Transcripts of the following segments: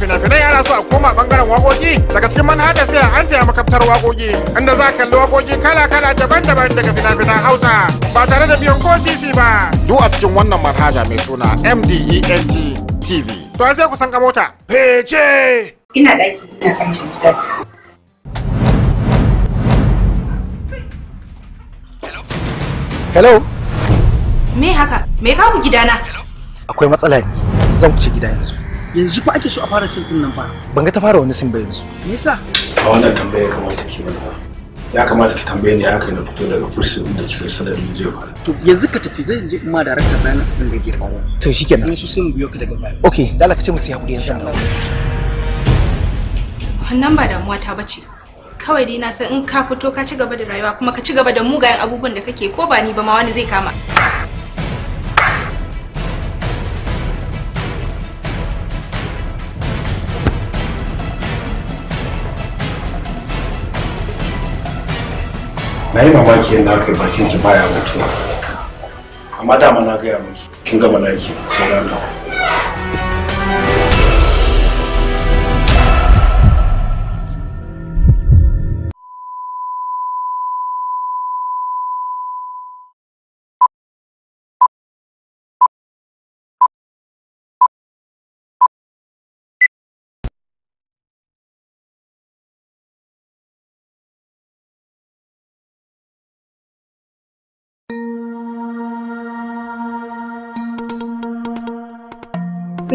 fina-finai ana so a koma bangaren wakoki daga cikin manhaja sai an taya makaftar wakoki inda za kalli wakoki kala-kala daban-daban daga fina-finan hausa ba tare da biyan ko sisi ba duk a cikin wannan manhaja mai suna mdent tv to sai ku san ka mota fece ina ɗaki ina kan Hello? Me haka? Me kawo gidana? Akwai matsala ne. Zan kuce gida yanzu. yanzu fa ake so a fara sin din nan fa ban ga ta fara wani sin ba yanzu me yasa a wannan tambaya kamata ki mana ya kamata ki tambaye ni haka na fito daga kursin da kika sanar da je fara to yanzu ka tafi zai je kuma da darakta bayan din da ke fara to shikenan in su sun biyo ka daga baya okay dala ka ce musu hakuri yanzu da wannan ba damuwa ta bace kawai dai na san in ka fito ka ci gaba da rayuwa kuma ka ci gaba da mugayen abubuwan da kake ko ba ni ba ma wani zai kama na yi mamaki yadda aka bakin ki baya mutuwa amma dama na gaya miki kin gama naki sai rana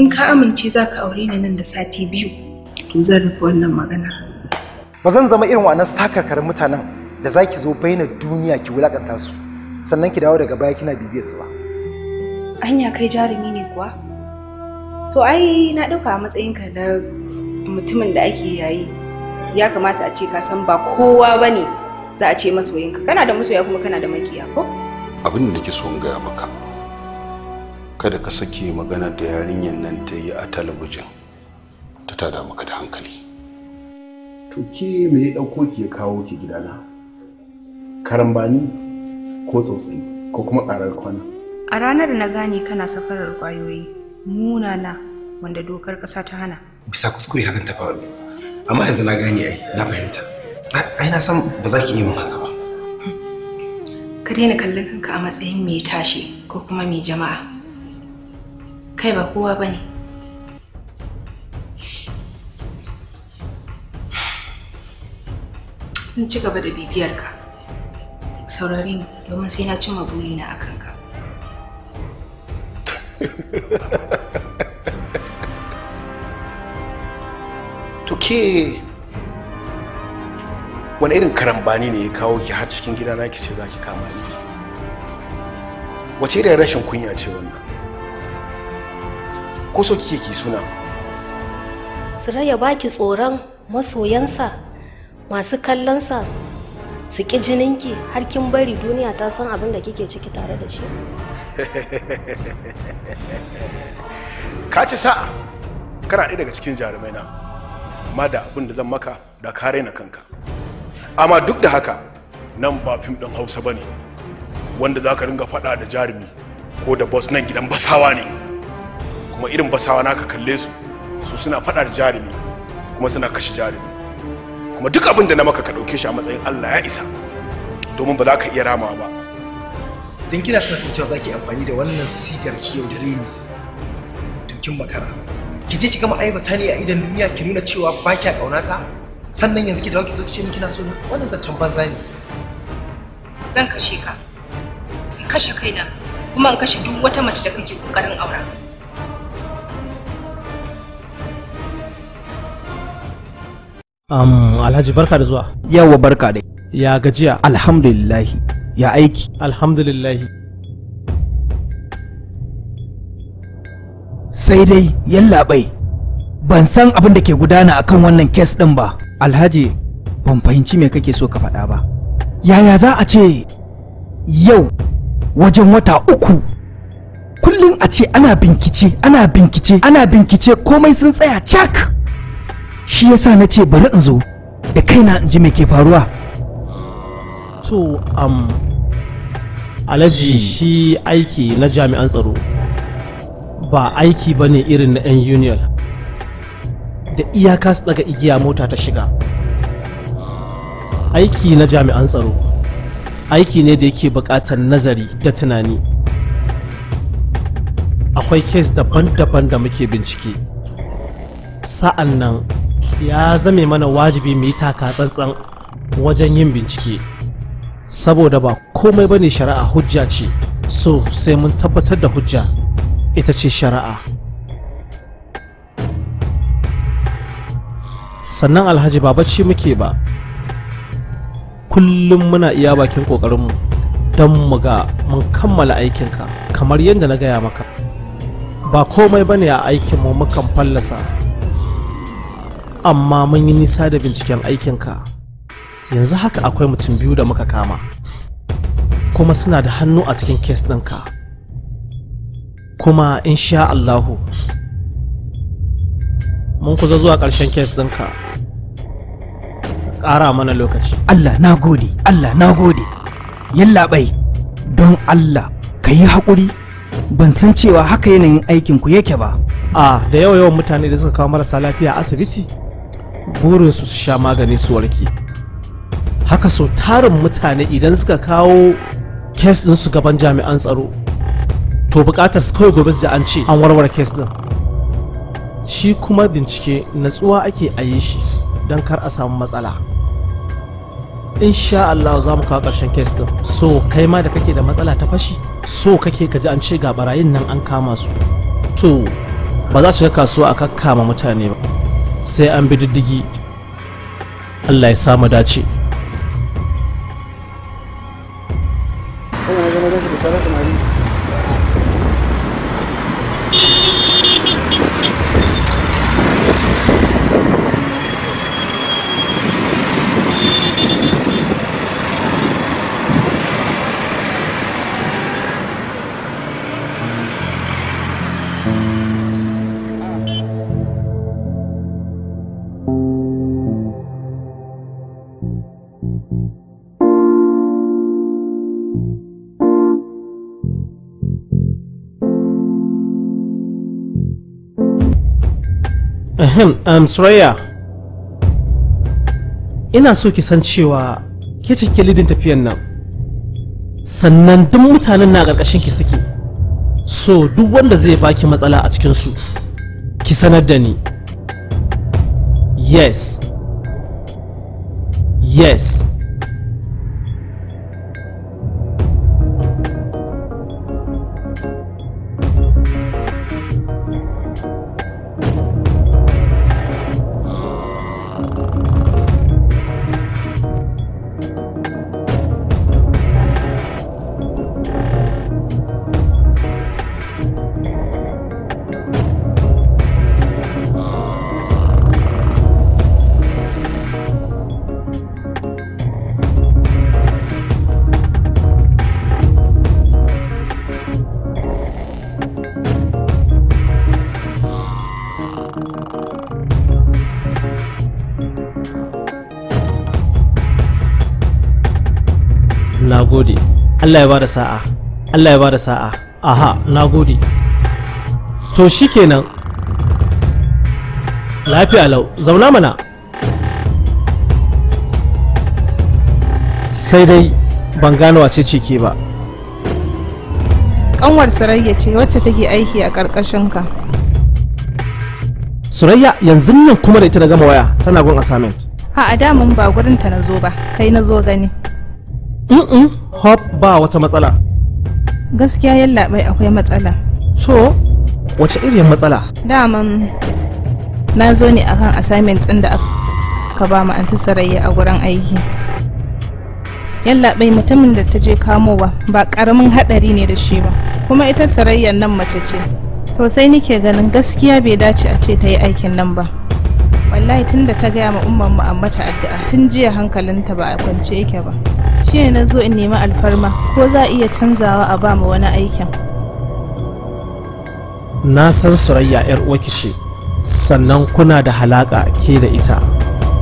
in ka amince za ka aure ni nan da sati biyu to zan rufe wannan magana ba zan zama irin wannan sakarkarin mutanen da za ki zo bainar duniya ki wulakanta su sannan ki dawo daga baya kina bibiyar su ba anya kai jarumi ne kuwa to ai na ɗauka a matsayinka na mutumin da ake yayi ya kamata a ce ka san ba kowa ba ne za a ce masoyinka kana da masoya kuma kana da makiya ko abin da nake so in gaya maka kada ka sake magana da yarinyar nan ta yi a talabijin ta tada maka da hankali to ke me ya ɗauko ki ya kawo ki gidana karambani ko tsotsi ko kuma ƙarar kwana a ranar na gane kana safarar muna munana wanda dokar ƙasa ta hana bisa kuskure hakan ta faru amma yanzu na gane ai na fahimta ai na san ba za ki iya mun haka ba ka daina kallon kanka a matsayin mai tashi ko kuma mai jama'a kai ba kowa ba ne in ci gaba da bibiyar ka domin sai na cimma na akan ka to ke wani irin karambani ne ya kawo ki har cikin gidana ki ce za ki kama ni wace irin rashin kunya ce wannan koso kike ki suna ya baki tsoron masoyansa masu kallonsa su ƙi jininki har kin bari duniya ta san abin da kike ciki tare da shi kaci sa'a kana ɗaya daga cikin jarumai na amma da abin da zan maka da ka raina kanka amma duk da haka nan ba fim ɗin hausa ba ne wanda za ka ringa faɗa da jarumi ko da bos nan gidan basawa ne kuma irin basawa na ka kalle su su suna faɗa da jarumi kuma suna kashe jarumi kuma duk abin da na maka ka ɗauke shi a matsayin Allah ya isa domin ba za ka iya rama ba idan kina son cewa za ki amfani da wannan sigar ki yau da rini tunkin makara ki je ki gama aibata ne a idan duniya ki nuna cewa ba kya ƙaunata sannan yanzu ki dawo ki zo ki ce min kina so wannan zancen banza ne zan kashe ka kashe kaina kuma in kashe duk wata mace da kake ƙoƙarin aura Um, Alhaji barka da zuwa. Yawa barka dai. Ya gajiya. Alhamdulillah. Ya aiki. Alhamdulillah. Sai dai yallaɓai ban san abin da ke gudana akan wannan kes ɗin ba. Alhaji ban fahimci me kake so ka faɗa ba. Yaya za a ce yau wajen wata uku kullum a ce ana binkice ana binkice ana binkice komai sun tsaya cak. shi yasa na ce bari in zo da kaina in ji me ke faruwa to am alaji shi aiki na jami'an tsaro ba aiki ba ne irin na 'yan union da iyaka su daga igiya mota ta shiga aiki na jami'an tsaro aiki ne da yake buƙatar nazari da tunani akwai kes daban-daban da muke bincike sa'an nan ya zame mana wajibi mu yi taka tsantsan wajen yin bincike saboda ba komai bane shari'a hujja ce so sai mun tabbatar da hujja ita ce shari'a sannan alhaji ba bacci muke ba kullum muna iya bakin ƙoƙarinmu don mu ga mun kammala aikinka kamar yadda na gaya maka ba komai bane a aikinmu mukan fallasa amma mun yi nisa da binciken aikinka yanzu haka akwai mutum biyu da muka kama kuma suna da hannu a cikin kes ɗinka kuma in sha Allahu mun kusa zuwa ƙarshen kes ɗinka ƙara mana lokaci Allah na gode Allah na gode yallaɓai don Allah ka yi haƙuri ban san cewa haka yanayin aikinku yake ba a da yawa yawan mutane da suka kawo marasa lafiya asibiti burin su su sha magani su warke haka so tarin mutane idan suka kawo kes su gaban jami'an tsaro to bukatar su kawai gobe da an ce an warware kes ɗin shi kuma bincike natsuwa ake a yi shi don kar a samu matsala insha Allah za mu kawo ƙarshen kes ɗin so kai ma da kake da matsala ta fashi so kake ka ji an ce ga barayin nan an kama su to ba za su ga kasuwa a kakkama mutane ba sai an bi diddigi Allah ya samu dace Ahem, um, soraya Ina so ki san cewa ke cike lidin tafiyan nan. Sannan duk mutanen na ƙarƙashin ki suke. So duk wanda zai baki matsala a cikinsu, ki sanar da ni. Yes. Yes. Allah ya bada sa'a Allah ya bada sa'a aha na gode to shikenan lafiya lau zauna mana sai dai ban gano wace ce ke ba kanwar sarayya ce wacce take aiki a ka? surayya yanzu nan kuma da ita na gama waya tana gun assignment ha a damun ba gurinta na zo ba kai na zo gani mm -mm. hop ba wata matsala gaskiya yallaɓai akwai matsala so wace irin matsala daman na zo ne akan assignment ɗin da aka ba mu sarayya a gurin aiki yallaɓai mutumin da ta je kamowa ba ƙaramin haɗari ne da shi ba kuma ita sarayyar nan mace ce to sai nike ganin gaskiya bai dace a ce ta yi aikin nan ba wallahi tunda da ta gaya ma umman mu amma addu'a tun jiya hankalinta ba a kwance yake ba shine na zo in nemi alfarma ko za a iya canzawa a ba mu wani aikin na san surayya yar uwaki ce sannan kuna da halaka ke da ita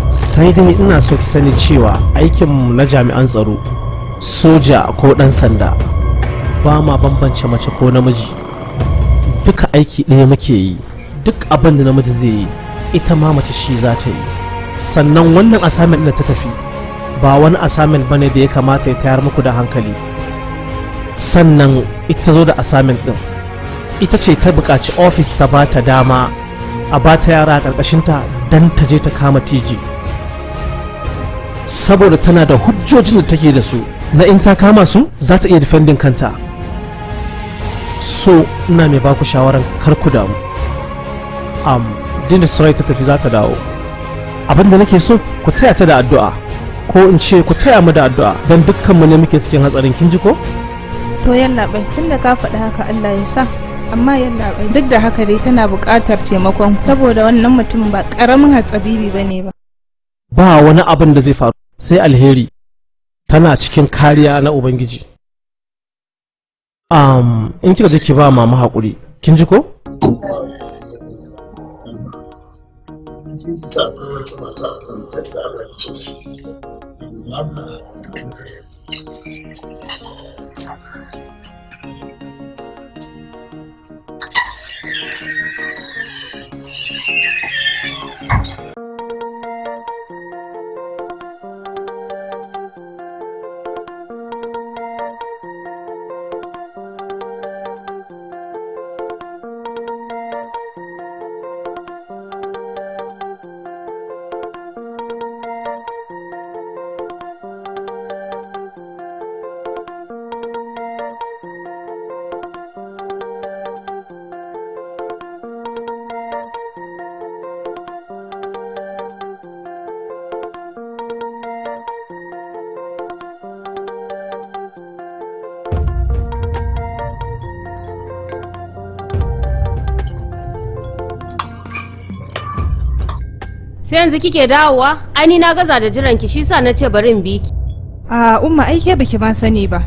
sai dai ina so ki sani cewa aikinmu na jami'an tsaro soja ko ɗan sanda ba ma bambance mace ko namiji duka aiki ɗaya muke yi duk abin da namiji zai yi ita ma mace shi za ta yi sannan wannan assignment da ta tafi ba wani assignment bane da ya kamata ya tayar muku da hankali sannan ita ta zo da assignment din ita ce ta buƙaci ofis ta ba ta dama a ba ta yara a ƙarƙashinta don ta je ta kama tiji saboda tana da hujjojin da take da su na in ta kama su za ta iya defending kanta so ina mai baku shawaran kar ku damu um, dinis ta tafi za ta dawo abinda nake so ku taya ta da addu'a ko in ce ku taya mu da addu'a don dukkan mu ne muke cikin hatsarin kin ji ko to yalla bai tunda ka faɗi haka Allah ya sa amma yalla bai duk da haka dai tana buƙatar taimakon saboda wannan mutum ba ƙaramin hatsabibi bane ba ba wani abin da zai faru sai alheri tana cikin kariya na ubangiji um in kika je ki ba mama haƙuri kin ji ko chapter to my chapter and get that ready. Love yanzu kike dawowa? Ai ni na gaza da jiran ki shi sa na ce bari in bi ki. A umma ai ke baki ma sani ba.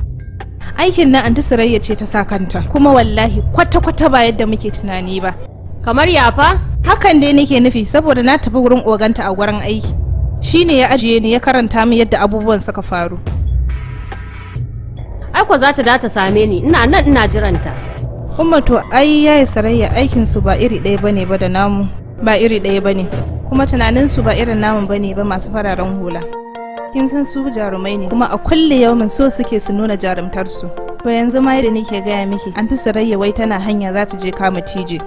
Aikin na anti Sarayya ce ta sakanta kuma wallahi kwata kwata ba yadda muke tunani ba. Kamar ya fa? Hakan dai nake nufi saboda na tafi wurin oganta a gurin aiki. Shi ya ajiye ni ya karanta min yadda abubuwan suka faru. Ai ko za ta da same ni ina nan ina jiranta. Umma to ai yayi Sarayya aikin su ba iri ɗaya bane ba da namu. Ba iri ɗaya bane. kuma su ba irin namun bane ba masu fararen hula kin san su jarumai ne kuma a kulle yaumin so suke su nuna jarumtarsu to yanzu ma da nake gaya miki an fi sarayya wai tana hanya za ta je kama tije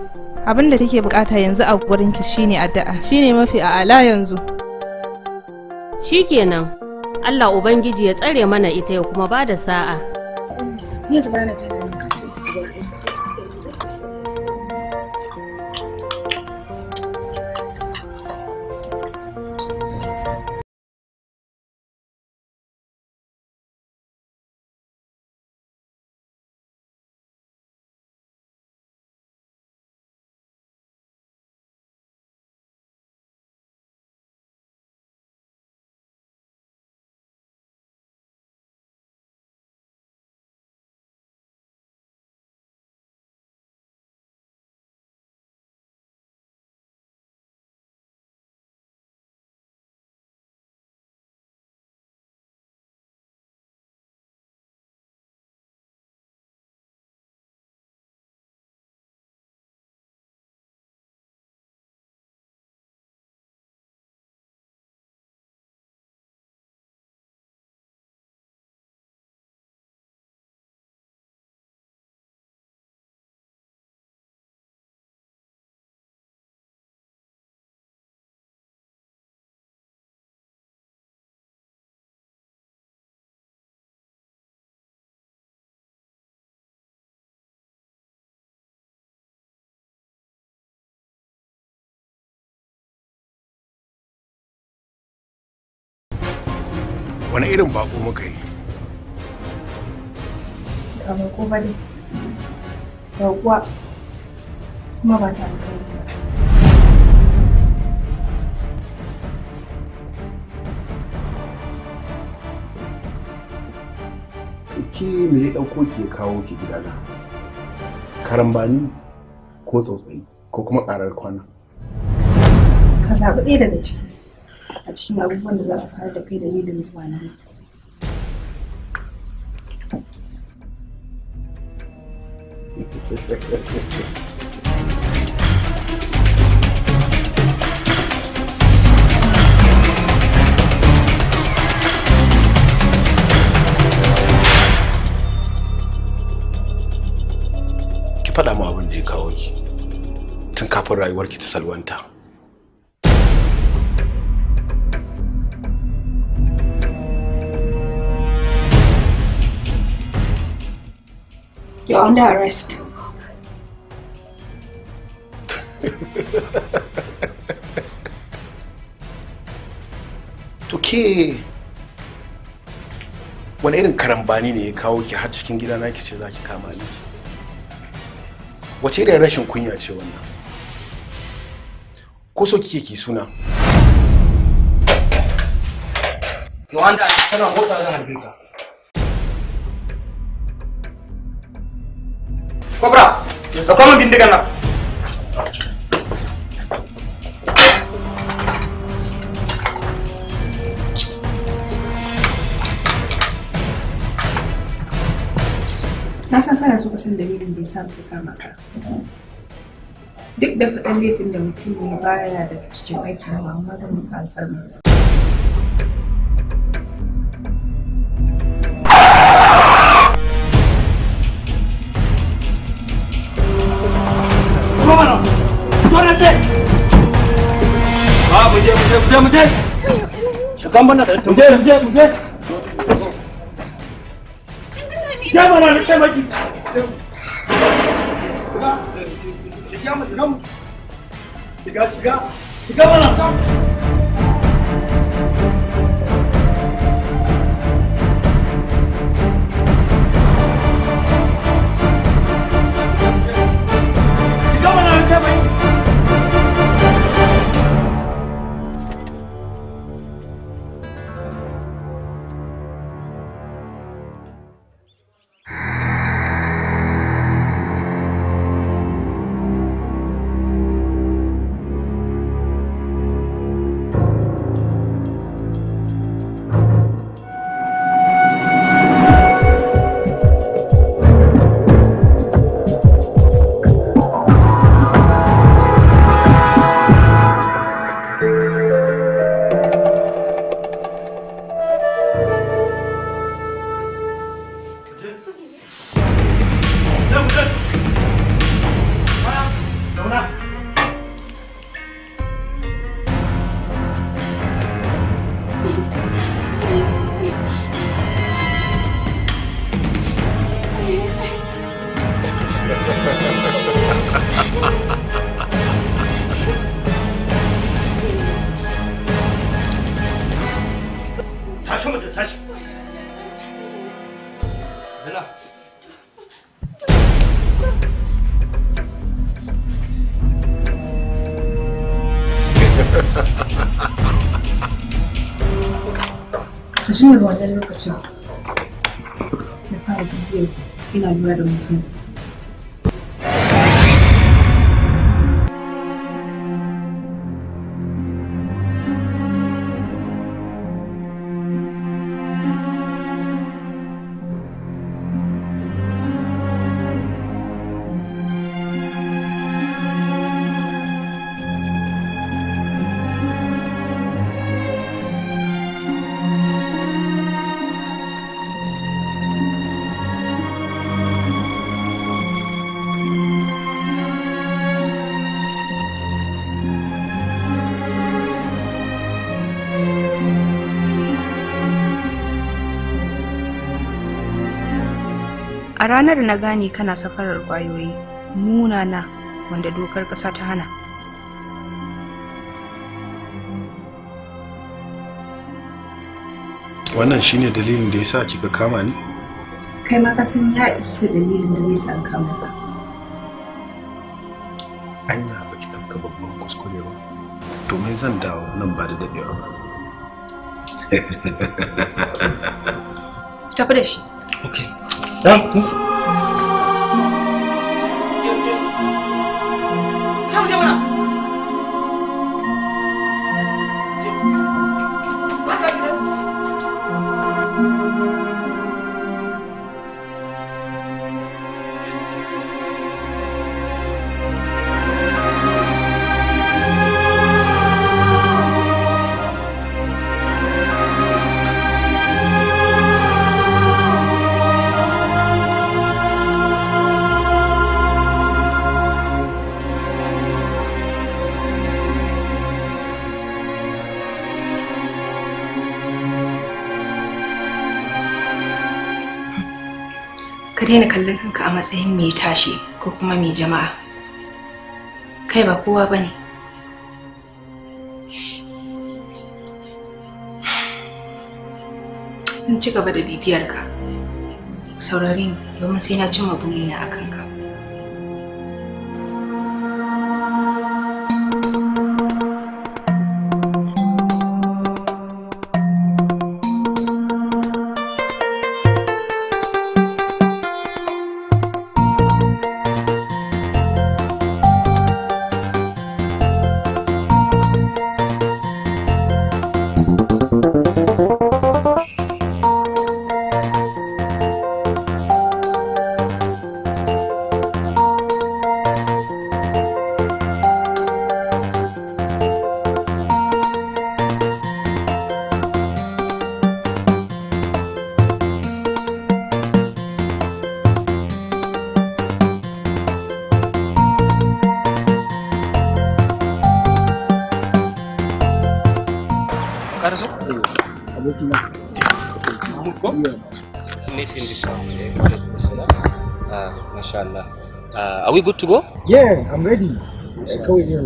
abin da take bukata yanzu a gurin ki shine addu'a shine mafi a ala yanzu shikenan Allah ubangiji ya tsare mana ita ya kuma bada sa'a yanzu bana tana wani irin bako muka yi ka bako ba dai kuma ba ta alkhairi ki me ya ɗauko ke kawo ki gidana karambani ko tsautsayi ko kuma ƙarar kwana ka zaɓi ɗaya daga ciki a cikin abubuwan da za su fara da kai da dalilin zuwa nan ki faɗa mu abin da ya kawo ki tun kafin rayuwarki ta salwanta You're under arrest. to ke wani irin karambani ne ya kawo ki har cikin gidana ki ce za ki kama ni wace irin rashin kunya ce wannan ko so kike ki suna Yohanda, tana hota zan harbe ka. Kobra, ɗauka min bindigan nan. Na san kana so ka san dalilin da yasa muka kama ka. Duk da faɗan laifin da mutum ne baya da cikin aikin ba, amma zan muka alfarma. kan bana mu je mu je mu je ya mama ne ce maki shiga mu shiga shiga shiga mana Música environmental ranar na gane kana safarar kwayoyi munana wanda dokar ƙasa ta hana wannan shine dalilin da yasa kika kama ni kai ma ka san ya isa dalilin da yasa an kama ka anya baki tafka babban kuskure ba domin zan dawo nan ba da dadewa ba tafi da shi okay daina kallon kanka a matsayin mai tashi ko kuma mai jama'a kai ba kowa ba ne in ci gaba da bibiyarka saurari domin sai na cimma burina a kanka we good to go? Yeah, I'm ready. Eh, eh,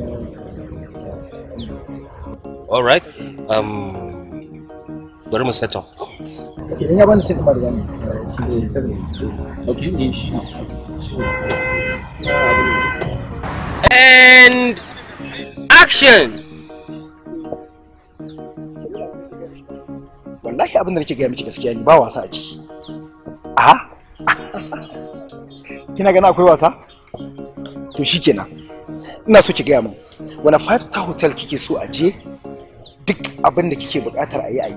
eh. All right. Um, bari mu Okay, ya bani Okay, And action. Wallahi abin da nake gaya miki gaskiya ne ba wasa a ciki. kina gana akwai wasa to shikenan ina so ki gaya min wani five star hotel kike so a je duk abin da kike buƙatar a yi a yi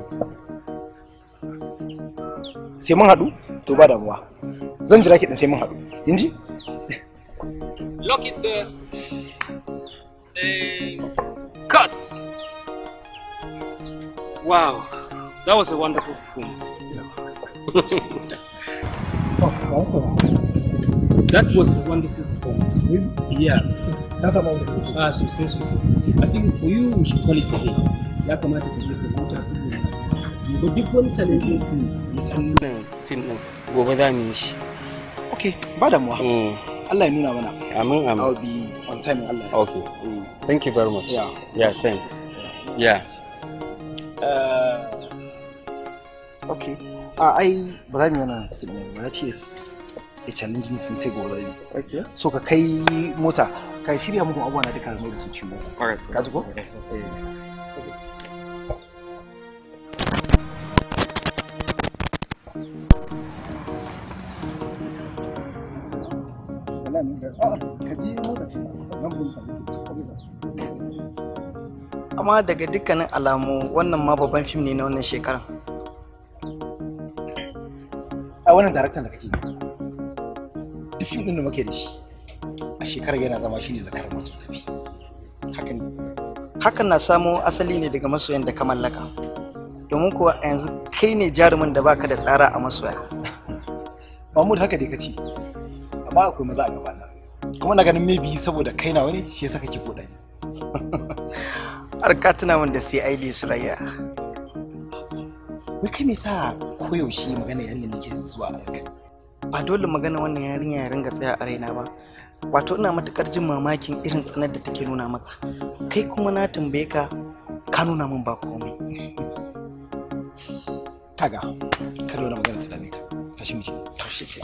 sai mun haɗu to ba damuwa zan jira ki ɗin sai mun haɗu inji lock it there eh, cut wow that was a wonderful performance oh, That was a wonderful performance. Really? Yeah. That's about the it. Ah, sosai sosai. I think for you we should call it a day. You Ya kamata ka je ka huta saboda gobe duk wani challenge su mutum nan fim din gobe za mu yi shi. Okay, ba damuwa. Mm. Allah ya wana. mana. Amin amin. I'll be on time in Allah. Okay. Mm. Thank you very much. Yeah. Yeah, thanks. Yeah. Uh, okay. Uh, ai ba za mu yi wannan sinima ba ce a challenging sun sai gobe ne so ka kai mota ka shirya muku abubuwa na duka mai da su mota. ka ji ko amma daga dukkanin alamu wannan ma babban fim ne na wannan shekaran a wannan daraktan da kake duk shirin da muke da shi a shekarar yana zama ne zakarar mutum da hakan hakan na samo asali ne daga masoyan da ka mallaka domin kuwa a yanzu kai ne jarumin da baka da tsara a masoya mahmud haka dai kace amma akwai maza a gabana kuma na ganin maybe saboda kai na wani shi yasa kake koda ni har ka tuna min da sai aili suraya wai kai me sa koyaushe magana yarinya nake zuwa a ranka ba dole magana wannan yarinya ya ringa tsaya a raina ba wato ina matukar jin mamakin irin tsanar da take nuna maka kai kuma na tambaye ka ka nuna min ba komai kaga ka magana ta dame ka tashi tashi ke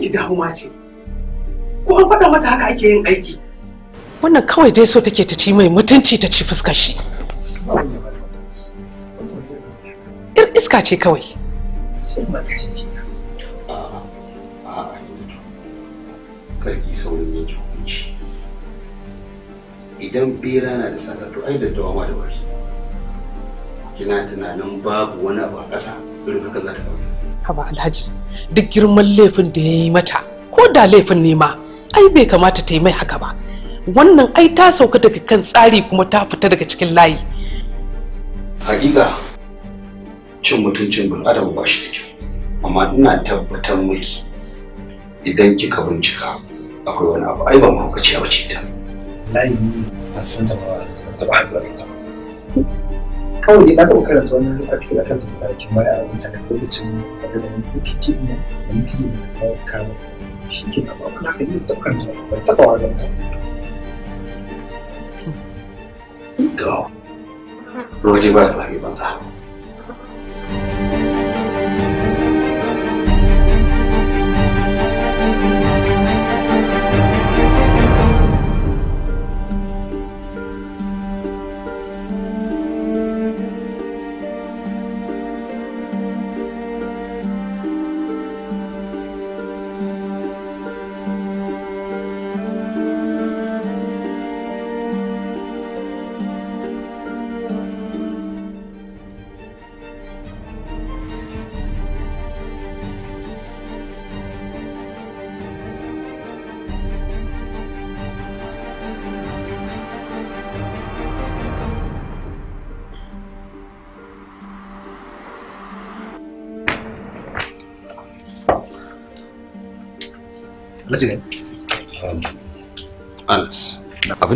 ki damuwa ce ko an faɗa mata haka ake yin aiki wannan kawai dai so take ta ci mai mutunci ta ci fuskar shi ir iska ce kawai karki saurin yanke hukunci idan bera na da sata to ai da dawama da wari kina tunanin babu wani abu a ƙasa irin haka za ta haba alhaji duk girman laifin da ya yi mata ko da laifin ne ma ai bai kamata ta yi mai haka ba wannan ai ta sauka daga kan tsari kuma ta fita daga cikin layi hakika cin mutuncin bin adam ba shi da kyau amma ina tabbatar miki idan kika bincika akwai wani abu ai ba mu mahaukaciya bace ta layi ne ba san ta ba ba ta ba kawai dai na taɓa karanta wani article akan ta da ake baya a wata lokacin maganar mutiki ne da mutiki ne ta kawo shi ke na babu na kan yi ta kanta ba taɓa wajen ta. To, waje ba zafi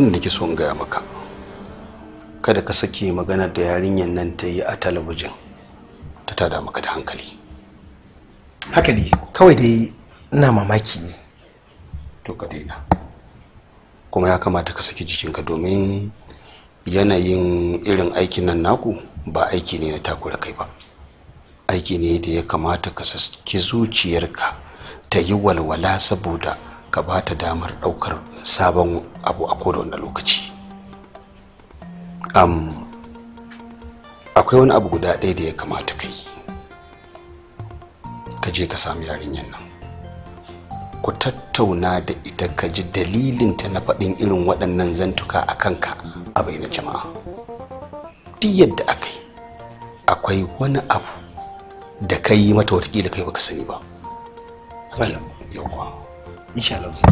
abin da nake so in gaya maka kada ka sake magana da yarinyar nan ta yi a talabijin ta tada maka da hankali haka ne kawai dai ina mamaki ne to ka daina kuma ya kamata ka saki jikinka domin yanayin irin aikin nan naku ba aiki ne na takura kai ba aiki ne da ya kamata ka saki zuciyarka ta yi walwala saboda ka ba ta damar ɗaukar sabon abu a koda wani lokaci um, akwai wani abu guda ɗaya da ya kamata ka yi ka je ka sami yarinyar nan ku tattauna da ita ka ji dalilinta na faɗin irin waɗannan zantuka a kanka a bainar jama'a duk yadda aka yi akwai wani abu da ka yi mata watakila kai baka sani ba yauwa insha Allah zan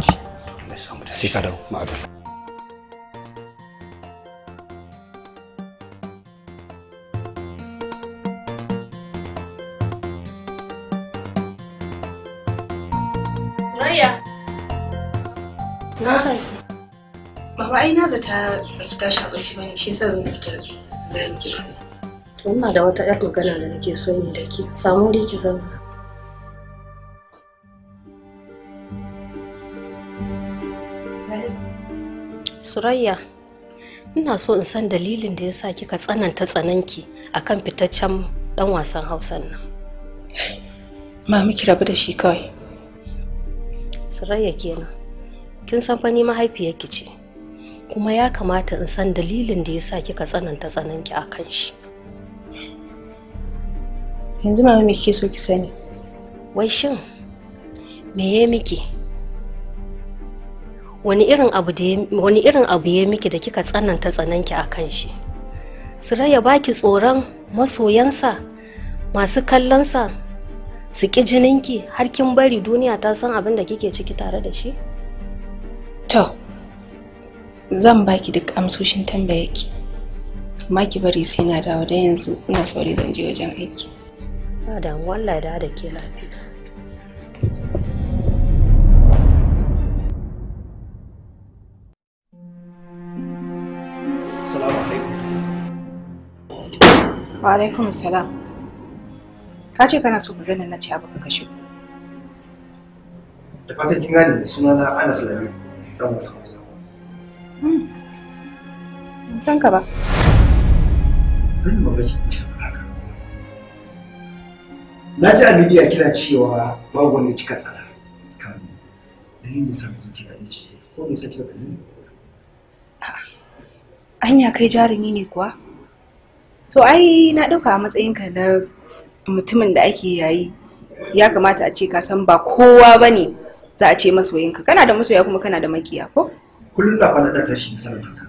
ji sai ka dawo ma'adar Baba za ta zata baki tashi a ƙarshe bane shi yasa zan fita ga miki. To ina da wata ƴar magana da nake so in da ke. Samu dai ki zauna. Surayya, ina so in san dalilin da ya sa kika tsananta tsananki a kan fitaccen ɗan wasan Hausan nan. Mami ki rabu da shi kawai. Suraya kenan, kin san fa ni mahaifiyarki ce, kuma ya kamata in san dalilin da ya sa kika tsananta tsananki a kan shi. Yanzu mami kike so ki sani? Wai shin, me ya miki? wani irin abu ya miki da kika tsananta tsananki a kan shi Suraya baki tsoron masoyansa masu kallonsa su ƙi jininki har kin bari duniya ta san abin da kike ciki tare da shi? To, zan baki duk amsoshin tambayaki. Ma ki bari sai na dawo da yanzu ina sauri zan je wajen aiki. Ba da Allah da da ke lafiya. alaikum salam. Ka ce kana so ka gani na ce abu ka kashe. Da fatan kin gane da suna na Anas Lami dan wasu Hausa. Hmm. Ban san ka ba. Zan yi mamaki in ce haka. Na ji a midiya kina cewa babu wanda kika tsara. Kan dalilin da sa ka zo kika ce ko me yasa kika tsare ni? Anya kai jarumi ne kuwa? to ai na ɗauka a matsayin ka na mutumin da ake yayi ya kamata a ce ka san ba kowa ba ne za a ce masoyinka kana da masoya kuma kana da makiya ko kullum da kwana ɗata tashi sanar da ka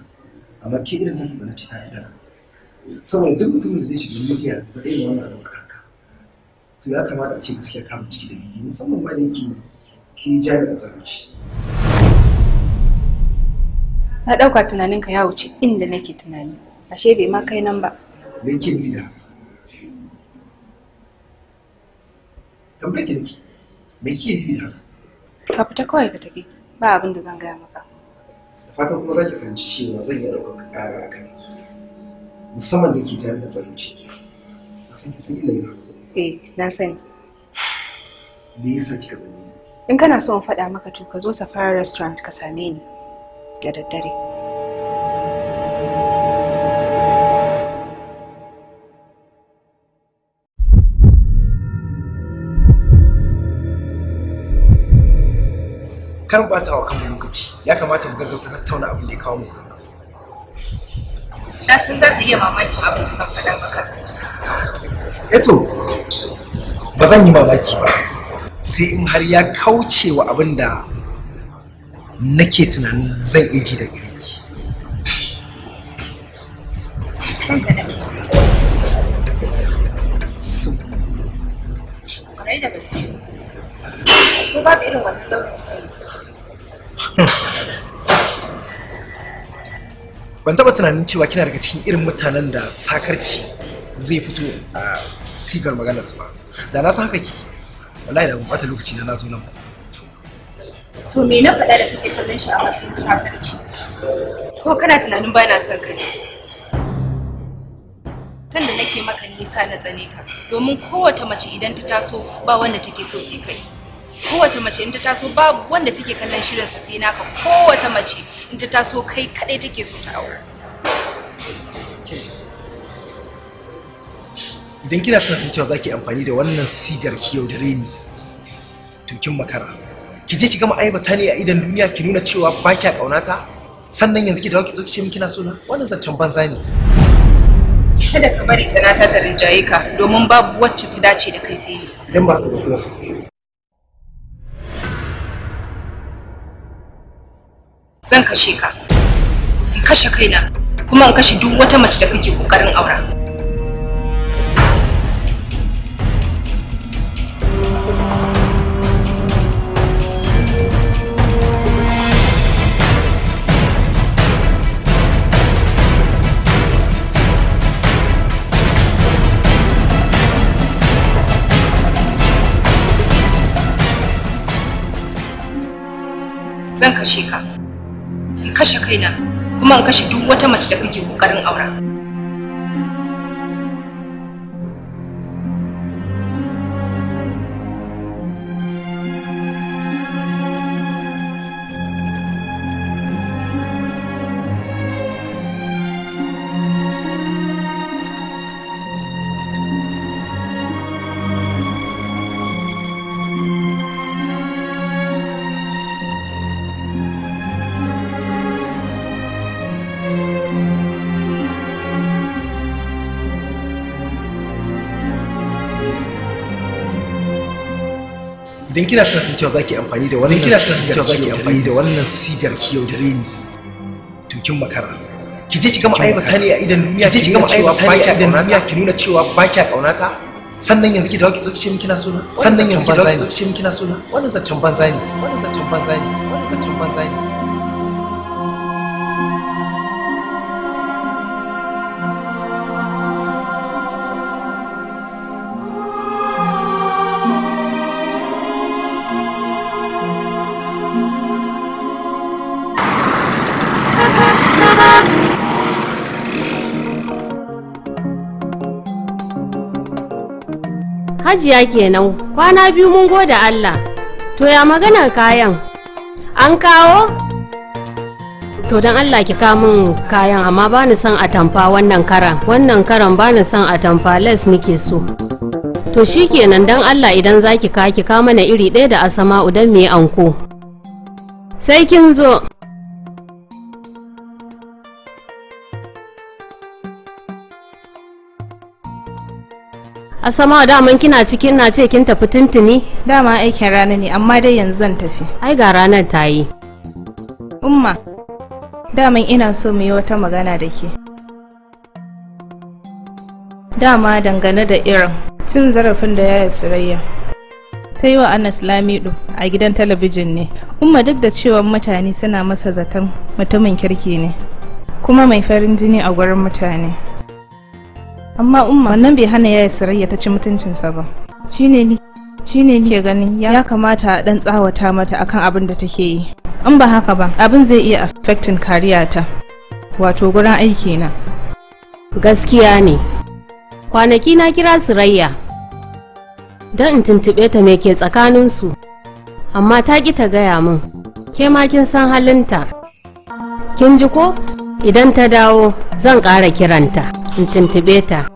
amma ke irin nake ba na ci da saboda duk mutumin da zai shiga makiya ba zai yi wannan rawa kanka to ya kamata a ce gaskiya ka mu ciki da gidi musamman ba yanki ki jami'a tsaroci na ɗauka tunaninka ya wuce inda nake tunani ashe bai ma kai nan ba ke nufi da tambayar ki nake me kike nufi da ka fita kawai ka tafi ba abin da zan gaya maka da fatan kuma za ki fahimci cewa zan iya ɗaukar ƙara a kan musamman da ke jami'ar tsaro ce na san ki san ba. eh na sani me yasa kika zame ni in kana so in faɗa maka to ka zo safari restaurant ka same ni da daddare kar bata wa kanmu lokaci ya kamata mu gaggauta tattauna abin da ya kawo mu na san zaka iya mamakin abin da zan faɗa maka eto eh ba zan yi mamaki ba sai in har ya kauce wa abin da nake tunanin zan iya ji da gare ki da gaske ko babu irin wannan lokacin ban taba tunanin cewa kina daga cikin irin mutanen da sakarci zai fito a sigar maganar ba da na san haka ki wallahi da ban bata lokaci na na zo nan ba to me na faɗa da kake kallon shi a matsayin sakarci ko kana tunanin ba na son ka ne tunda nake maka nisa na tsane ka domin kowace mace idan ta taso ba wanda take so sai kai kowace mace in ta taso babu wanda take kallon shirin sa sai naka kowace mace in ta taso kai kadai take so ta aure idan kina son cewa zaki amfani da wannan sigar ki da reni to kin makara ki je ki gama aibata ne a idan duniya ki nuna cewa ba kya kaunata sannan yanzu ki dawo ki ki ce min kina so na wannan zancen banza ne kada ka bari tsanata ta rinjaye ka domin babu wacce ta dace da kai sai ni idan ba ka kuma zan kashe ka in kashe kaina kuma in kashe duk wata mace da kake kokarin aura zan kashe ka kashe kaina kuma in kashe duk wata mace da kake kokarin aura idan kina zaki amfani da wannan kina cewa to makara ki ki gama a idan duniya ki nuna cewa baki a kaunata sannan yanzu ki dawo ki zo ce min kina so sannan yanzu ki dawo ki zo ce min kina so wannan zancen banza ne wannan zancen banza ne wannan zancen banza ne Hajiya kenan kwana biyu mun gode Allah. To ya maganar kayan? An kawo? To don Allah ki min kayan amma ba ni son tamfa wannan karan. Wannan karan ba ni son atamfa les nike so. To shi kenan don Allah idan zaki ki ka ki ka mana iri ɗaya da asama'u udan me anko. Sai kin zo. asama daman kina cikin na ce kin tafi tuntuni dama aikin rana ne amma dai yanzu zan tafi ai ga ranar ta yi umma daman ina so mu yi wata magana da ke dama dangane da irin cin zarafin da ya yi tsirayya. ta yi wa anas lamido a gidan talabijin ne umma duk da cewa mutane suna masa zaton mutumin kirki ne kuma mai farin jini a gurin mutane amma umma wannan bai hana yaya sarayya ta ci mutuncinsa ba shine ni shine ni ke ganin ya kamata a dan tsawata mata akan abin da take yi in ba haka ba abin zai iya affecting ta. wato gurin aiki na gaskiya ne kwanaki na kira sirayya. Dan in tuntuɓe ta me ke tsakanin su amma ta ki ta gaya min ke ma kin san halinta kin ji ko idan ta dawo zan ƙara kiranta in tuntube ta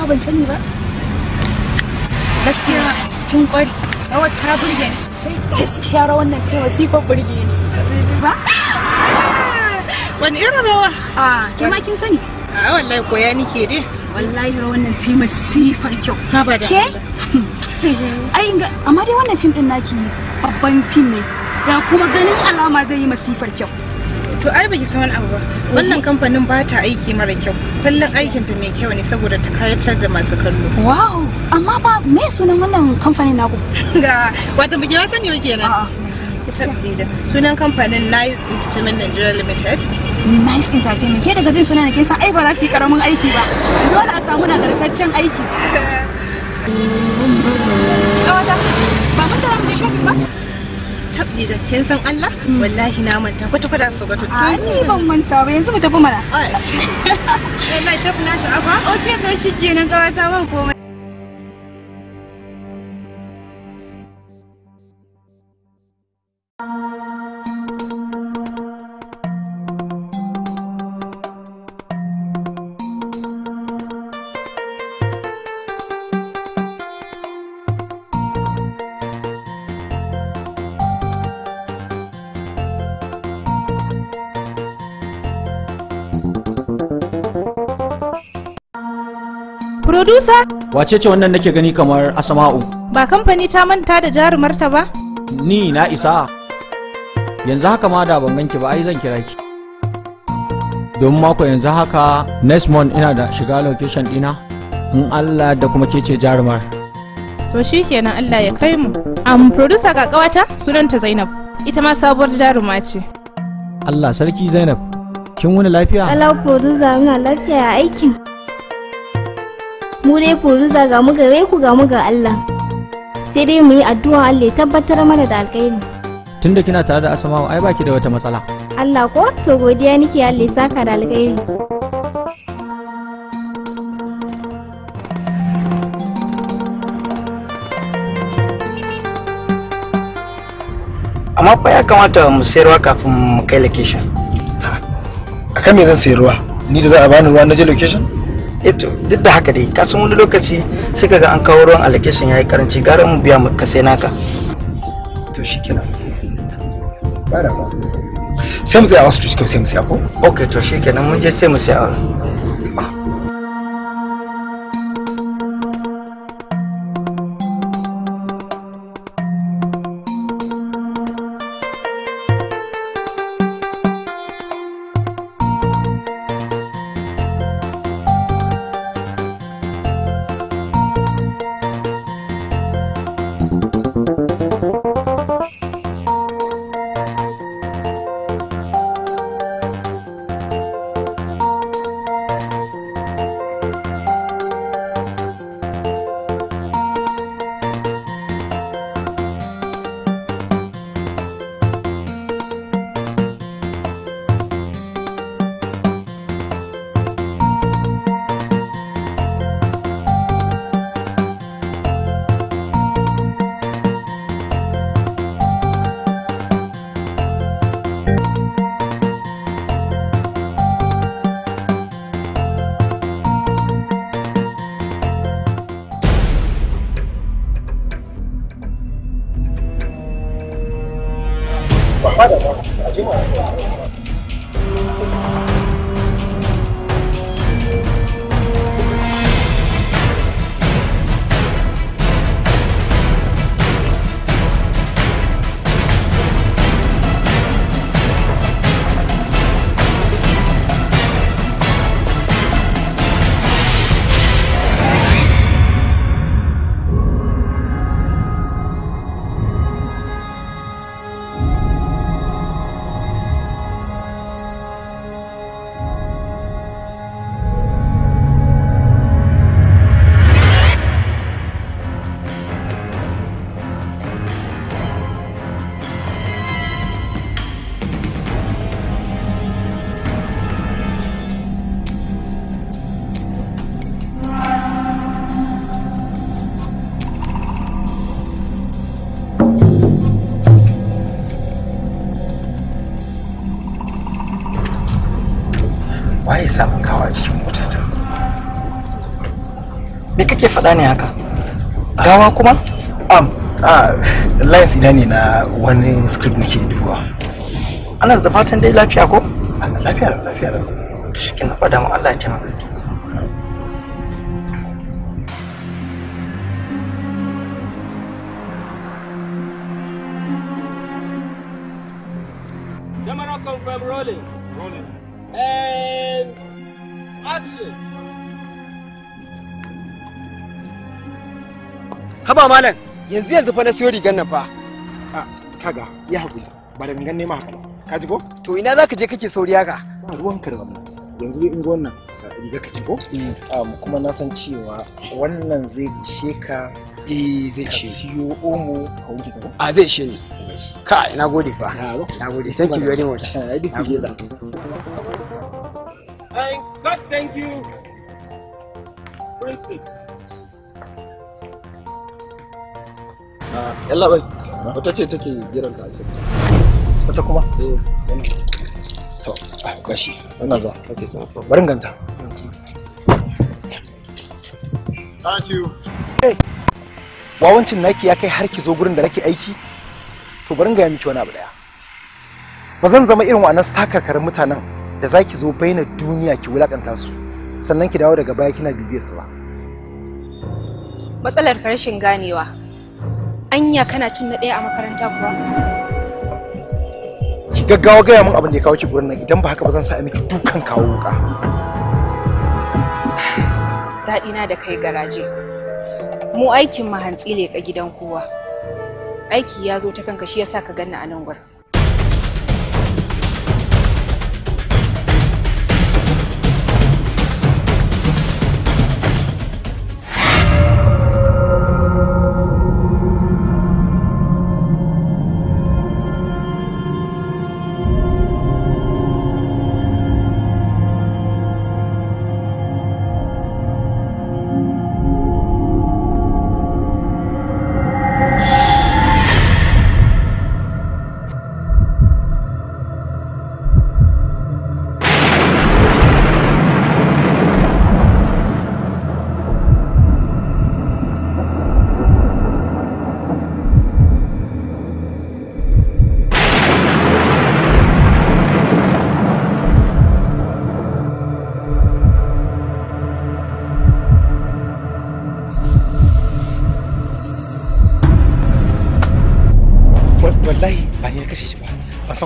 rawa ban sani ba gaskiya tun kwari rawar ta burge ni sosai gaskiya rawar nan ta wasifa burge ni ba wani irin rawa a ke ma kin sani a wallahi koya nike dai wallahi rawar nan ta yi masifar kyau abada ke ai amma dai wannan fim din naki babban fim ne da kuma ganin alama zai yi masifar kyau to ai baki san wani abu ba wannan kamfanin ba ta aiki mara kyau kallon aikin ta mai kyau ne saboda ta kayatar da masu kallo wow amma ba me sunan wannan kamfanin naku ga wato baki ya sani ba na sunan kamfanin Nice Entertainment Nigeria Limited nice entertainment ke daga jin suna da ke san ai ba za su yi karamin aiki ba dole a samu nagartaccen aiki ba mun tara mu ba tabbi da kin san Allah hmm. wallahi na manta kwata kwata su kwata a ah, ni ban manta ba yanzu mu tafi mana wallahi shafi na shafa okay to kenan kawata ban komai Musa? Wace ce wannan nake gani kamar Asma'u? Ba kamfani ta manta da jarumarta ba? Ni na isa. Yanzu haka ma da ban ganki ba ai zan kira ki. Don mako yanzu haka next month ina da shiga location ɗina. In Allah da kuma ke ce jarumar. To shi kenan Allah ya kai mu. Am producer ga kawata sunanta Zainab. Ita ma sabuwar jaruma ce. Allah sarki Zainab. Kin wani lafiya? Allah producer ina lafiya aikin. mu dai ruza ga muga Rai ku ga muga Allah sai dai mu yi addu'a Allah ya tabbatar mana da alkhairi tunda kina tare da asamawa, ai baki da wata matsala Allah ko to godiya nake Allah ya saka da alkhairi amma fa ya kamata mu sayarwa kafin mu kai location akan me zan sayar wa? ni da za a bani ruwa na je location Eh duk da haka dai kasan wani lokaci sai kaga an kawo ruwan allocation yayi karanci gara mu biya ka sai naka to shikenan ba da ba sai mu sai a wasu cikin sai mu sai ko okay to shikenan mun je sai mu sai a faɗa ne haka gawa kuma am a lines ina ne na wani script nake duba ana zafatan dai lafiya ko lafiya lafiya shi kin faɗa mu Allah ya taimaka haba malam yanzu yanzu fa na siyo rigar nan fa a kaga ya hakuri ba da gangan nema haka ka ji ko to ina zaka je kake sauri haka ba ruwan ka da yanzu dai in ga wannan riga ka ci ko eh kuma na san cewa wannan zai ishe ka eh zai ishe siyo omo ka wanke ka a zai ishe ni kai na gode fa na gode thank you very much i did together thank god thank you princess yalla bai wata ce take jiran ka a can wata kuma eh to ah, gashi ina zuwa okay to bari ganta thank you hey wawancin naki ya kai har ki zo gurin da nake aiki to bari ga miki wani abu daya ba zan zama irin wannan sakarkarin mutanen da za ki zo baina duniya ki wulakanta su sannan ki dawo daga baya kina bibiyar su ba matsalar rashin ganewa anya kana cin na ɗaya a makaranta kuwa ki gaggawa gaya min abin da ya kawo ki gurin nan idan ba haka ba zan sa miki dukan kawo wuka daɗi na da kai garaje mu aikin mahantsi leƙa gidan kowa aiki ya zo ta kanka shi yasa ka ganna a nan gurin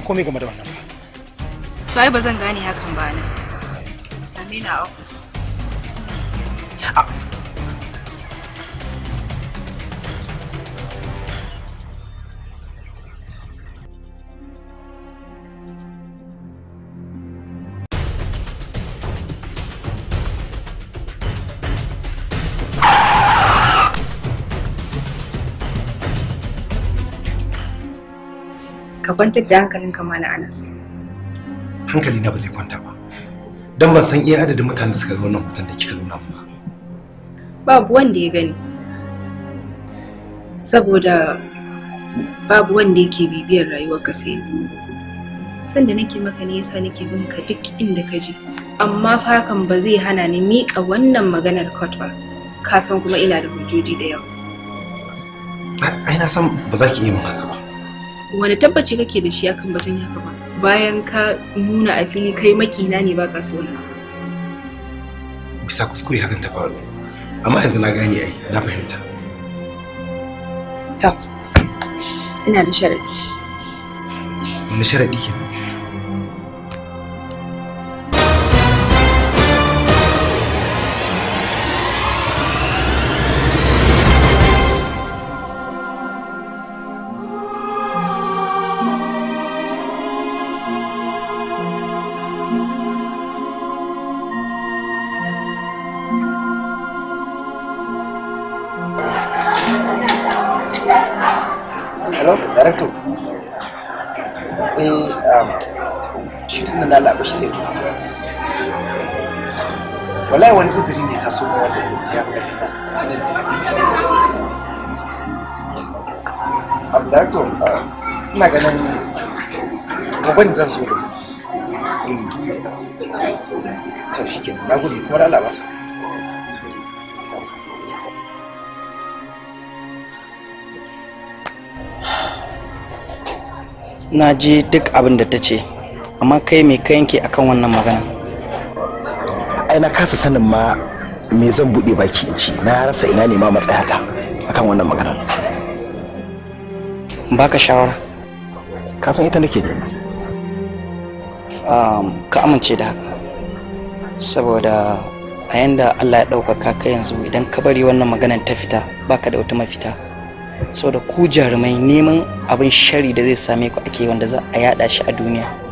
komai game da wannan ba. Ba ba zan gane hakan ba na. Same ni a office. kwantar da hankalinka mana anas hankali na ba zai kwanta ba don ban san iya adadin mutane suka ga wannan hoton da kika nuna ba babu wanda ya gani saboda babu wanda yake bibiyar rayuwarka sai ni sanda nake maka ne yasa nake bin ka duk inda ka je amma hakan ba zai hana ni miƙa wannan maganar court ba ka san kuma ina da hujjoji da yawa ai na san ba za ki iya min haka ba wani tabbaci kake da shi akan batun haka ba bayan ka nuna a fili kai makina ne ba ka so na bisa kuskure hakan ta faru amma yanzu na gane ai na fahimta to ina da sharadi sharadi kenan wallahi wani uzuri ne ta so wanda ya ɗan sanin zai Abdarto ina ganin gaban zan zo da eh to shi ke na gode kuma Allah masa na ji duk abin da ta ce amma kai mai kayanki akan wannan magana ai na kasa sanin ma me zan buɗe baki in ci na rasa ina ne ma matsayata akan wannan maganar baka shawara ka san ita nake um, ka amince da haka saboda a yanda Allah ya ɗaukaka ka yanzu idan ka bari wannan maganar ta fita baka da wata mafita saboda ku jarumai neman abin shari da zai same ku ake wanda za a yada shi a duniya